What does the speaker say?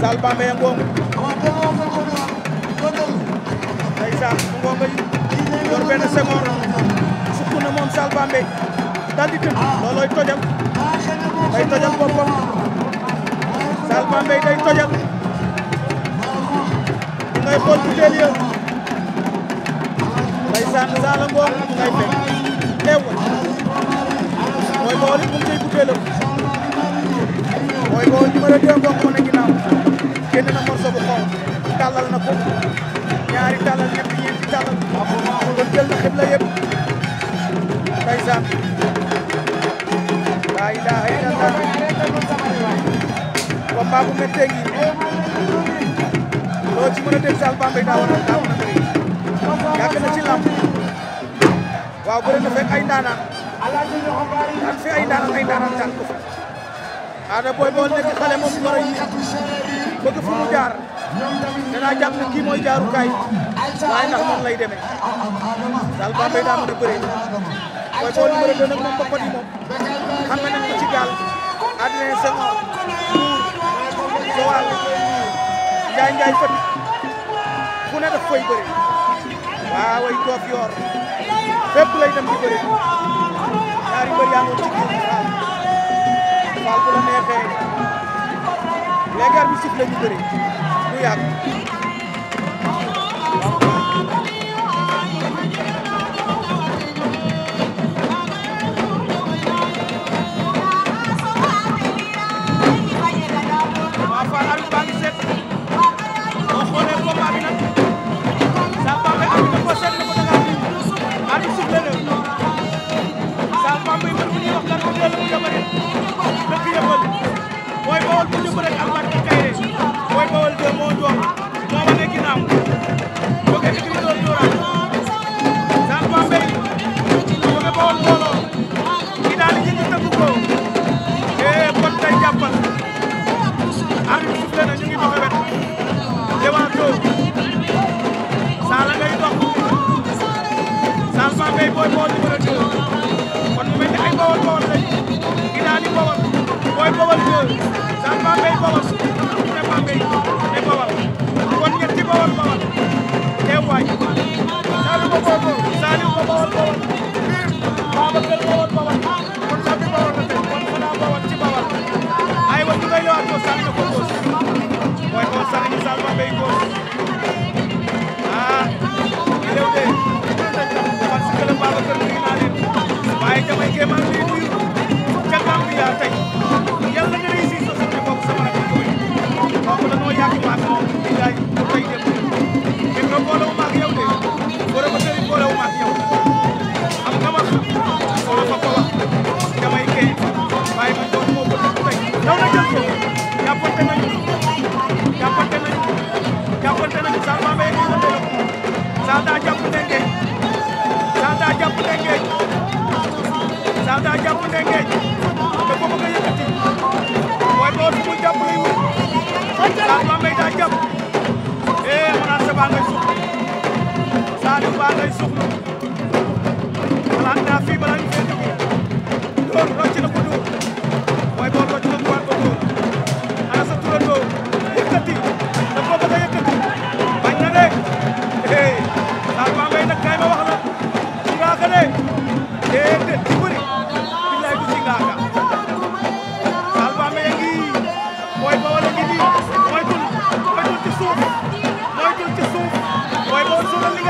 Sall Bambey ngoog ndeysaan mu ngoog bay yor benn sengoor sukk na moom Sall Bambey daal di tënk loolooy day tojam boppam Sall Bambey day tojam mu ngay xool bu teel ya ndeysaan Sall ngoog mu ngay fekk teew mooy bool it mu ngi koy butéelam mooy bool numéro 2 ngoog moo ne ginnaaw génn na morceau bu xonq tàllal na ko ñaari tàllal ñetti ñeenti tàllal kon jël na xibla yëpp ndeysaan laa ilaaha illallah combat bu méttee ngi loo ci mën a dégg Saal Bambey daa war a daa mën a bëri yàgg na ci làmb waaw bëri na fekk ay ndaanaan daan fi ay ndaanaan ay ndaanaan daan ko fa aada booy bool nekk xale moom war a bëgg fu mu jaar danaa jàpp ne kii mooy jaarukaay waaye ndax noonu lay demee daal Bambey daa mën a bëree waaye boo numéro deux nag moom boppam yi moom xam ko ci gaal Adrien Senghor Mbour Joal Njaay Njaay Fatick ku ne daf koy bëree waaw ay Diof yor fépp lay dem di léegi arbitre bi siffle ñu bëri du yàgg jàppante nañu jàppante nañu jàppante nañu Saal maa may jàppante nañu Saal daa jàpp ndengeej Saal daa jàpp ndengeej Saal daa jàpp ndengeej te boobu nga yëkkati waaye boo su muy jàpp lay wut Saal maa may daa jàpp eh xanaa sa baa ngay suux Saal yu baa ngay suux Thank you.